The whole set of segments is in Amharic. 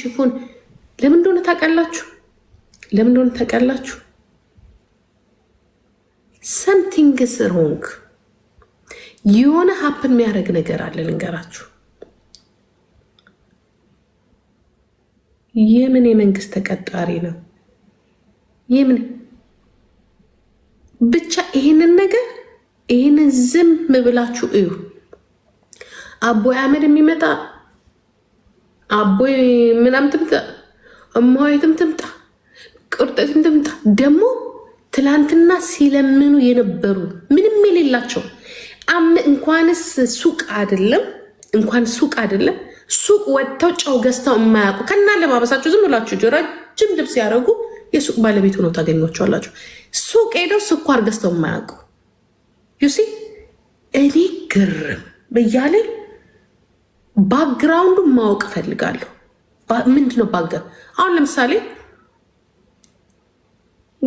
ሽፎን ለምን እንደሆነ ታውቃላችሁ? ለምን እንደሆነ ታውቃላችሁ? ሰምቲንግስ ሮንግ የሆነ ሀፕን የሚያደርግ ነገር አለ። ልንገራችሁ፣ የምን የመንግስት ተቀጣሪ ነው የምን ብቻ ይህንን ነገር ይህንን ዝም ብላችሁ እዩ። አቦይ አህመድ የሚመጣ አቦይ ምናም ትምጣ፣ እማዊትም ትምጣ፣ ቅርጠትም ትምጣ። ደግሞ ትላንትና ሲለምኑ የነበሩ ምንም የሌላቸው አም እንኳንስ ሱቅ አይደለም እንኳን ሱቅ አይደለም ሱቅ ወጥተው ጨው ገዝተው የማያውቁ ከና ለማበሳቸው ዝም ብላችሁ ረጅም ልብስ ያደረጉ የሱቅ ባለቤት ሆነው ታገኟቸዋላችሁ። ሱቅ ሄደው ስኳር ገዝተው የማያውቁ ዩሲ እኔ ግርም ብያለኝ። ባክግራውንዱን ማወቅ እፈልጋለሁ። ምንድን ነው አሁን ለምሳሌ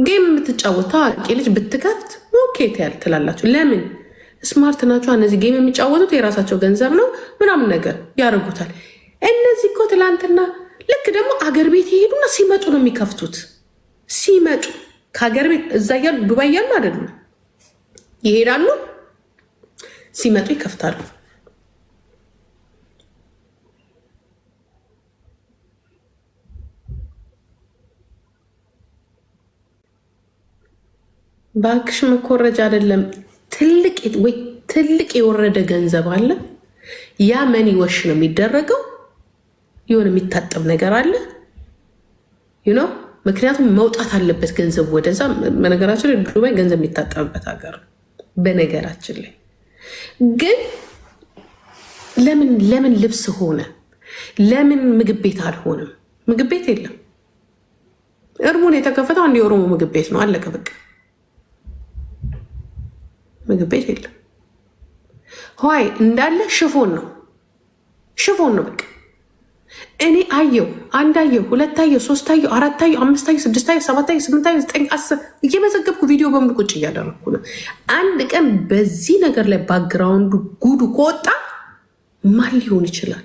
ጌም የምትጫወት ታዋቂ ልጅ ብትከፍት ኬት ያል ትላላችሁ። ለምን ስማርት ናቸው እነዚህ ጌም የሚጫወቱት የራሳቸው ገንዘብ ነው ምናምን ነገር ያደርጉታል። እነዚህ እኮ ትላንትና ልክ ደግሞ አገር ቤት የሄዱና ሲመጡ ነው የሚከፍቱት። ሲመጡ ከአገር ቤት እዛ እያሉ ዱባይ እያሉ አይደሉም ይሄዳሉ። ሲመጡ ይከፍታሉ። ባክሽ መኮረጃ አይደለም። ትልቅ የወረደ ገንዘብ አለ። ያ መኒ ወሽ ነው የሚደረገው። የሆነ የሚታጠብ ነገር አለ ዩኖ ምክንያቱም መውጣት አለበት ገንዘብ ወደዛ። በነገራችን ላይ ዱባይ ገንዘብ የሚታጠብበት ሀገር ነው። በነገራችን ላይ ግን ለምን ለምን ልብስ ሆነ? ለምን ምግብ ቤት አልሆነም? ምግብ ቤት የለም። እርሙን የተከፈተው አንድ የኦሮሞ ምግብ ቤት ነው። አለቀ በቃ። ምግብ ቤት የለም። ሆይ እንዳለ ሽፎን ነው ሽፎን ነው በቃ። እኔ አየው አንድ አየው ሁለት አየው ሶስት አየው አራት አየው አምስት አየው ስድስት አየው ሰባት አየው ስምንት አየው ዘጠኝ አስር እየመዘገብኩ ቪዲዮ በሙሉ ቁጭ እያደረግኩ ነው። አንድ ቀን በዚህ ነገር ላይ ባክግራውንዱ ጉዱ ከወጣ ማን ሊሆን ይችላል?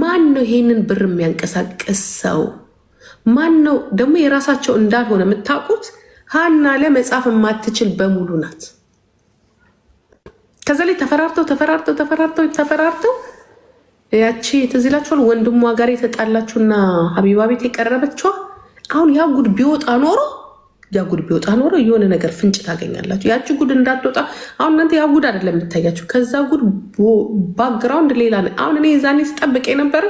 ማን ነው ይሄንን ብር የሚያንቀሳቅስ ሰው? ማን ነው ደግሞ የራሳቸው እንዳልሆነ የምታውቁት ሀና ለመጻፍ የማትችል በሙሉ ናት። ከዛ ላይ ተፈራርተው ተፈራርተው ተፈራርተው ተፈራርተው ያቺ ትዝ ይላችኋል፣ ወንድሟ ጋር የተጣላችሁና ሀቢባ ቤት የቀረበችዋ አሁን ያ ጉድ ቢወጣ ኖሮ ያ ጉድ ቢወጣ ኖሮ የሆነ ነገር ፍንጭ ታገኛላችሁ። ያቺ ጉድ እንዳትወጣ አሁን እናንተ ያ ጉድ አይደለም የምታያችሁ፣ ከዛ ጉድ ባክግራውንድ ሌላ ነው። አሁን እኔ ዛኔ ስጠብቅ የነበረ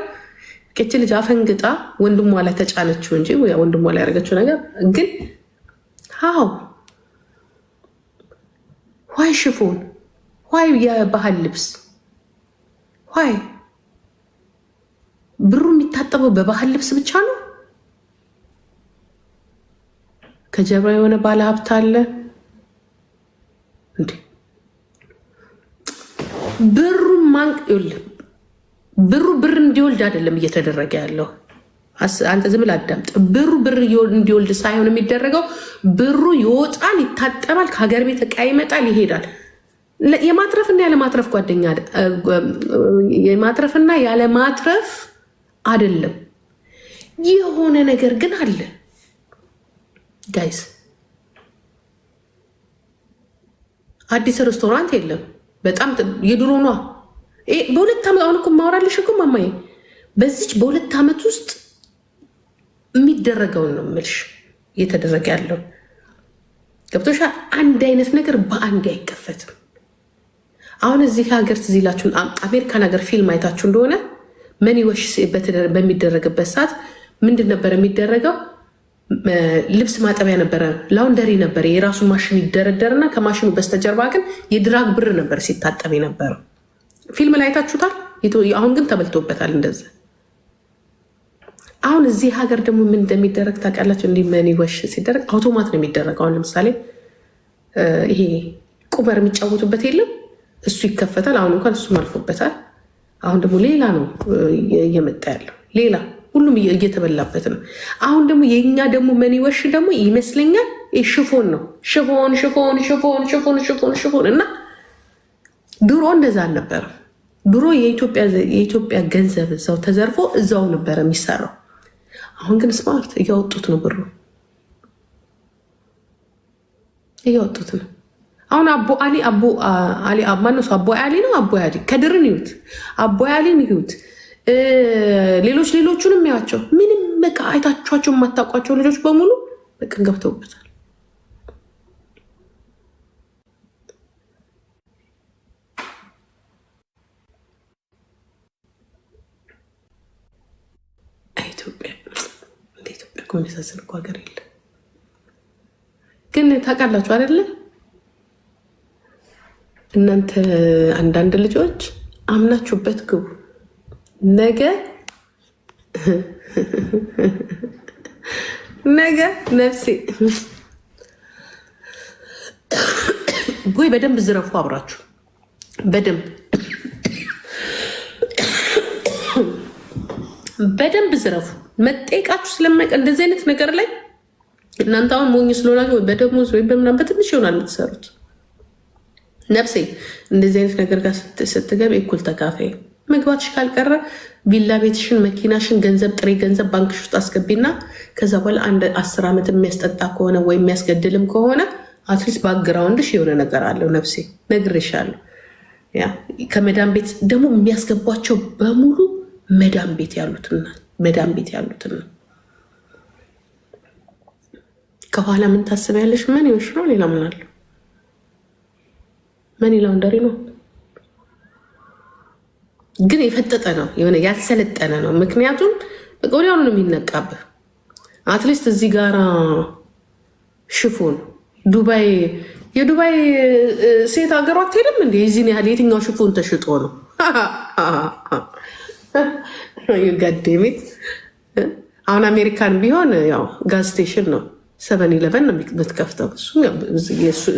ቅች ልጅ አፈንግጣ ወንድሟ ላይ ተጫነችው እንጂ ወንድሟ ላይ ያደረገችው ነገር ግን ሀው ዋይ ሽፎን ዋይ የባህል ልብስ ዋይ ብሩ የሚታጠበው በባህል ልብስ ብቻ ነው። ከጀርባ የሆነ ባለ ሀብት አለ እንዴ? ብሩ ማንቅ ብሩ ብር እንዲወልድ አይደለም እየተደረገ ያለው አንተ ዝም ብለህ አዳምጥ። ብሩ ብር እንዲወልድ ሳይሆን የሚደረገው ብሩ ይወጣል፣ ይታጠባል፣ ከሀገር ቤት እቃ ይመጣል፣ ይሄዳል። የማትረፍና ያለማትረፍ ጓደኛ የማትረፍና ያለማትረፍ አይደለም። የሆነ ነገር ግን አለ ጋይስ። አዲስ ሬስቶራንት የለም። በጣም የድሮ ኗ በሁለት ዓመት አሁን እኮ ማውራልሽ እኮ ማማዬ በዚች በሁለት ዓመት ውስጥ የሚደረገውን ነው ምልሽ እየተደረገ ያለው ገብቶሻ። አንድ አይነት ነገር በአንድ አይከፈትም። አሁን እዚህ ሀገር ትዝ ይላችሁ አሜሪካን ሀገር ፊልም አይታችሁ እንደሆነ መኒ ወሽ በሚደረግበት ሰዓት ምንድን ነበር የሚደረገው? ልብስ ማጠቢያ ነበረ፣ ላውንደሪ ነበረ። የራሱን ማሽን ይደረደርና ከማሽኑ በስተጀርባ ግን የድራግ ብር ነበር ሲታጠብ ነበረው። ፊልም ላይ አይታችሁታል። አሁን ግን ተበልቶበታል እንደዚህ አሁን እዚህ ሀገር ደግሞ ምን እንደሚደረግ ታውቃላችሁ? እንዲህ መኒ ወሽ ሲደረግ አውቶማት ነው የሚደረግ። አሁን ለምሳሌ ይሄ ቁበር የሚጫወቱበት የለም እሱ ይከፈታል። አሁን እንኳን እሱም አልፎበታል። አሁን ደግሞ ሌላ ነው እየመጣ ያለው ሌላ ሁሉም እየተበላበት ነው። አሁን ደግሞ የእኛ ደግሞ መኒ ወሽ ደግሞ ይመስለኛል ሽፎን ነው ሽፎን ሽፎን ሽፎን ሽፎን ሽፎን ሽፎን እና ድሮ እንደዛ አልነበረም። ድሮ የኢትዮጵያ ገንዘብ እዛው ተዘርፎ እዛው ነበረ የሚሰራው። አሁን ግን ስማርት እያወጡት ነው፣ ብሩ እያወጡት ነው። አሁን አቦ አሊ አቦ አሊ ማነሱ አቦ አሊ ነው። አቦ አሊ ከድርን ይሁት አቦ አሊን ይሁት ሌሎች ሌሎቹንም ያቸው ምንም በቃ አይታችኋቸው የማታውቋቸው ልጆች በሙሉ በቀን ገብተውበታል። የሚያሳዝን እኮ ሀገር የለ። ግን ታውቃላችሁ አይደለ? እናንተ አንዳንድ ልጆች አምናችሁበት ግቡ። ነገ ነገ ነፍሴ ጎይ በደንብ ዝረፉ፣ አብራችሁ በደንብ በደንብ ዝረፉ። መጠየቃችሁ ስለማይቀ እንደዚህ አይነት ነገር ላይ እናንተ አሁን ሞኝ ስለሆናችሁ ወይ በደሞዝ ወይም በምናም በትንሽ ይሆናል የምትሰሩት። ነፍሴ እንደዚህ አይነት ነገር ጋር ስትገቢ እኩል ተካፋይ መግባትሽ ካልቀረ ቪላ ቤትሽን፣ መኪናሽን፣ ገንዘብ ጥሬ ገንዘብ ባንክሽ ውስጥ አስገቢና ከዛ በኋላ አንድ አስር ዓመት የሚያስጠጣ ከሆነ ወይ የሚያስገድልም ከሆነ አትሊስት ባግራውንድሽ የሆነ ነገር አለው። ነፍሴ ነግሬሻለሁ። ከመዳም ቤት ደግሞ የሚያስገቧቸው በሙሉ መዳም ቤት ያሉት መዳም ቤት ያሉትን ነው። ከኋላ ምን ታስቢያለሽ? ምን ይወሽ ነው? ሌላ ምን አለው? ምን ላውንደሪ ነው ግን የፈጠጠ ነው የሆነ ያልሰለጠነ ነው። ምክንያቱም ወዲያውኑ ነው የሚነቃብህ። አትሊስት እዚህ ጋራ ሽፉን ዱባይ የዱባይ ሴት ሀገሯ አትሄድም እንዴ? የዚህን ያህል የትኛው ሽፎን ተሽጦ ነው? ዩጋዴሜት አሁን አሜሪካን ቢሆን ያው ጋዝ ስቴሽን ነው፣ ሰቨን ኢለቨን ነው የምትከፍተው።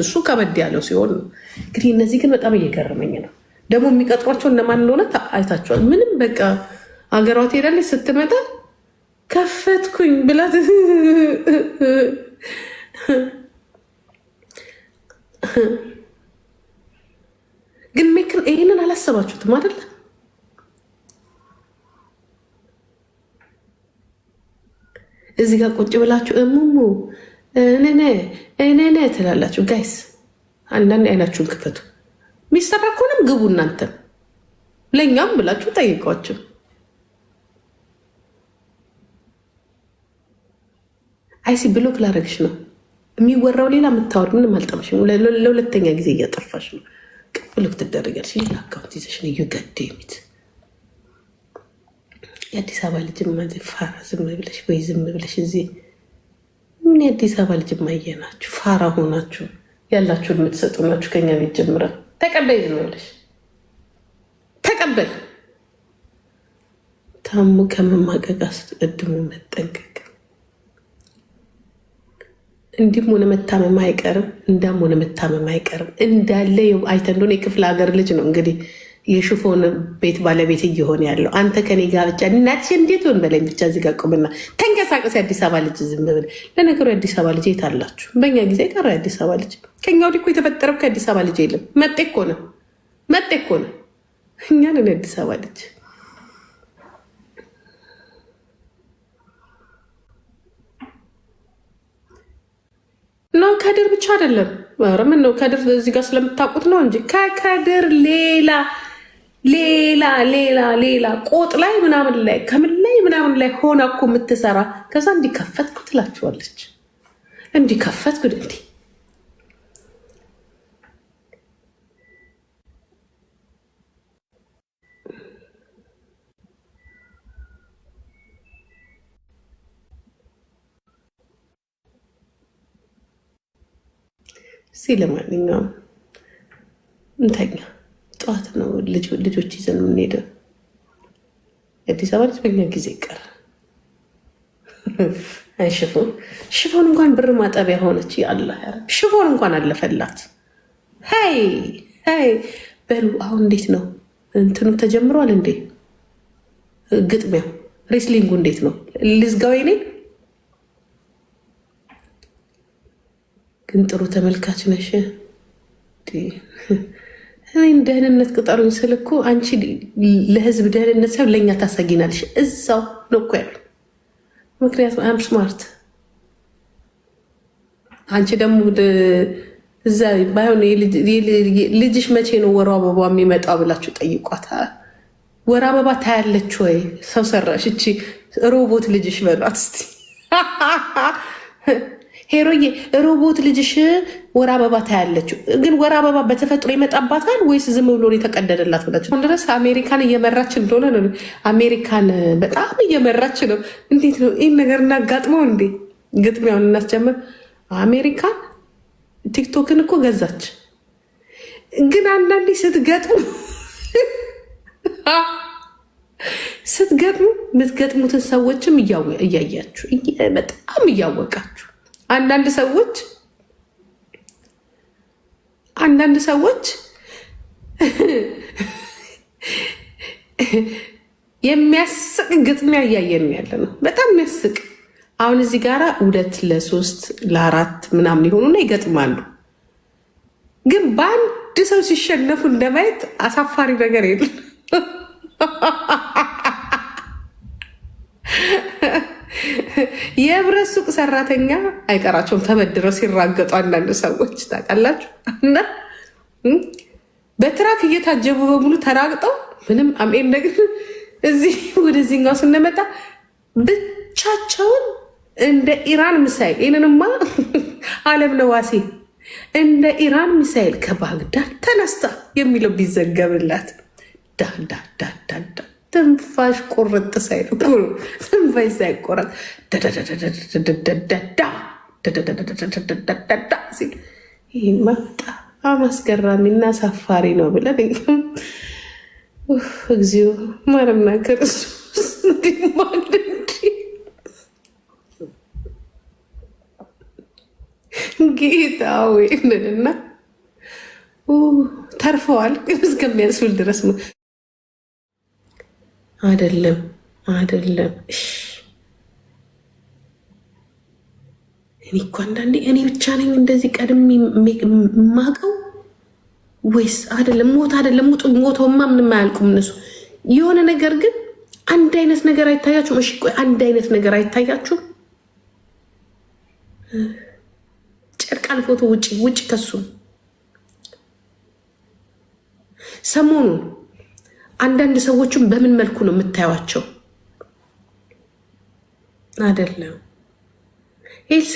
እሱ ከበድ ያለው ሲሆን እንግዲህ እነዚህ ግን በጣም እየገረመኝ ነው። ደግሞ የሚቀጥሯቸው እነማን እንደሆነ አይታቸዋል። ምንም በቃ አገሯ ትሄዳለች፣ ስትመጣ ከፈትኩኝ ብላት ግን ይህንን አላሰባችሁትም አይደለም? እዚ ጋር ቁጭ ብላችሁ እሙሙ እኔነ እኔነ ትላላችሁ። ጋይስ አንዳንድ አይናችሁን ክፈቱ። የሚሰራ ከሆነም ግቡ እናንተም ለእኛም ብላችሁ ጠይቋቸው። አይሲ ብሎክ ላረግሽ ነው የሚወራው ሌላ የምታወር ምንም አልጠፋሽ። ለሁለተኛ ጊዜ እያጠፋሽ ነው። ብሎክ ትደረጋልሽ። ሌላ አካውንት ይዘሽ ነው እየገደ የሚት የአዲስ አበባ ልጅማ እዚህ ፋራ ዝም ብለሽ ወይ ዝም ብለሽ እዚህ ምን የአዲስ አበባ ልጅማ እየናችሁ ፋራ ሆናችሁ ያላችሁን የምትሰጡ ናችሁ። ከኛ ቤት ጀምረ ተቀበይ ዝም ብለሽ ተቀበል። ታሙ ከመማቀቅ አስቀድሞ መጠንቀቅ። እንዲህም ሆነ መታመም አይቀርም፣ እንዳም ሆነ መታመም አይቀርም። እንዳለ አይተ እንደሆነ የክፍለ ሀገር ልጅ ነው እንግዲህ የሽፎን ቤት ባለቤት እየሆነ ያለው አንተ ከኔ ጋር ብቻ እናትሽ እንዴት ሆን በላይ ብቻ እዚህ ጋር ቁምና ተንቀሳቀስ። የአዲስ አበባ ልጅ ዝም ለነገሩ የአዲስ አበባ ልጅ የት አላችሁ? በእኛ ጊዜ ቀረ የአዲስ አበባ ልጅ። ከኛ ወዲህ እኮ የተፈጠረው ከአዲስ አበባ ልጅ የለም። መጤ እኮ ነው፣ መጤ እኮ ነው። እኛ ነን የአዲስ አበባ ልጅ። ነው ከድር ብቻ አይደለም። ምን ነው ከድር እዚህ ጋር ስለምታውቁት ነው እንጂ ከከድር ሌላ ሌላ ሌላ ሌላ ቆጥ ላይ ምናምን ላይ ከምን ላይ ምናምን ላይ ሆነ እኮ የምትሰራ ከዛ እንዲከፈትኩ ትላችኋለች። እንዲከፈትኩ እንዲ ሲ ለማንኛውም እንተኛ ጠዋት ነው ልጆች ይዘን የምንሄደው። አዲስ አበባ ልጅ በኛ ጊዜ ይቀር ሽፎን ሽፎን እንኳን ብር ማጠቢያ ሆነች። አላ ሽፎን እንኳን አለፈላት። ሀይ ሀይ በሉ አሁን እንዴት ነው እንትኑ ተጀምሯል እንዴ? ግጥሚያው ሬስሊንጉ እንዴት ነው? ልዝጋው ኔ ግን ጥሩ ተመልካች ነሽ። እኔም ደህንነት ቅጠሩኝ ስል እኮ አንቺ ለህዝብ ደህንነት ሰብ ለእኛ ታሳጊናለሽ። እዛው ነው እኮ ያሉ። ምክንያቱም አም ስማርት አንቺ ደግሞ እዛ ባይሆን ልጅሽ መቼ ነው ወሩ አበባ የሚመጣው ብላችሁ ጠይቋት። ወር አበባ ታያለች ወይ ሰው ሰራሽ እቺ ሮቦት ልጅሽ በሏት እስቲ ሄሮዬ ሮቦት ልጅሽ ወር አበባ ታያለችው ግን ወር አበባ በተፈጥሮ ይመጣባታል ወይስ ዝም ብሎ የተቀደደላት ብላችሁ አሁን ድረስ አሜሪካን እየመራች እንደሆነ ነው። አሜሪካን በጣም እየመራች ነው። እንዴት ነው ይህ ነገር እናጋጥመው እንዴ? ግጥሚያውን እናስጀምር። አሜሪካን ቲክቶክን እኮ ገዛች። ግን አንዳንዴ ስትገጥሙ ስትገጥሙ የምትገጥሙትን ሰዎችም እያያችሁ በጣም እያወቃችሁ አንዳንድ ሰዎች አንዳንድ ሰዎች የሚያስቅ ግጥሚያ እያየን ያለ ነው። በጣም የሚያስቅ አሁን እዚህ ጋር ሁለት ለሶስት ለአራት ምናምን የሆኑና ይገጥማሉ። ግን በአንድ ሰው ሲሸነፉ እንደማየት አሳፋሪ ነገር የለም። የህብረት ሱቅ ሰራተኛ አይቀራቸውም ተበድረው ሲራገጡ አንዳንድ ሰዎች ታውቃላችሁ። እና በትራክ እየታጀቡ በሙሉ ተራግጠው ምንም አሜን ነገር እዚህ ወደዚህኛው ስንመጣ ብቻቸውን እንደ ኢራን ሚሳይል ይህንንማ አለም ነዋሴ እንደ ኢራን ሚሳይል ከባግዳድ ተነስታ የሚለው ቢዘገብላት ዳዳዳዳዳ ትንፋሽ ቁርጥ ሳይል ትንፋሽ ሳይቆረጥ መጣ። አስገራሚና አሳፋሪ ነው ብለን እግዚኦ ክርስቶስ ጌታ ወይ ተርፈዋል እስከሚያስብል ድረስ አይደለም አይደለም። እኔ እኮ አንዳንዴ እኔ ብቻ ነኝ እንደዚህ ቀድም የማውቀው ወይስ አይደለም? ሞት አይደለም ውጡ። ሞተውማ ምንም አያልቁም እነሱ። የሆነ ነገር ግን አንድ አይነት ነገር አይታያችሁም? እሺ ቆይ አንድ አይነት ነገር አይታያችሁም? ጨርቅ አልፎቶ ውጭ ውጭ ከሱ ሰሞኑን አንዳንድ ሰዎችም በምን መልኩ ነው የምታዩቸው? አይደለም ኤልሲ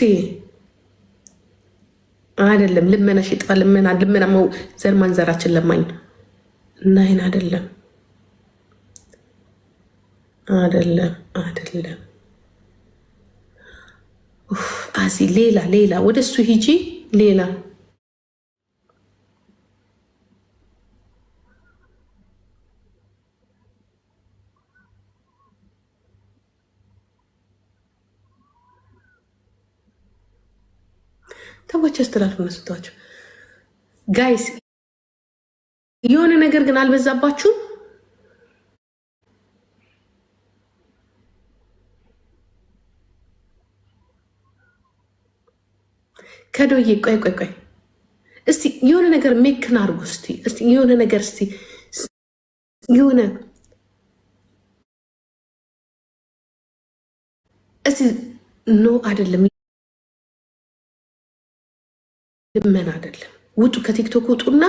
አይደለም። ልመና ሽጣ ልመና ልመና ዘር ማንዘራችን ለማኝ እና ይህን አይደለም አይደለም አይደለም። አዚ ሌላ ሌላ ወደ እሱ ሂጂ ሌላ ሰዎች ያስተላልፉ። እነሱ ጋይስ። የሆነ ነገር ግን አልበዛባችሁም? ከዶዬ ቆይ ቆይ ቆይ እስቲ የሆነ ነገር ሜክን አርጉ። እስቲ እስቲ የሆነ ነገር እስቲ የሆነ እስቲ ኖ አይደለም ልመን አይደለም። ውጡ ከቲክቶክ ውጡና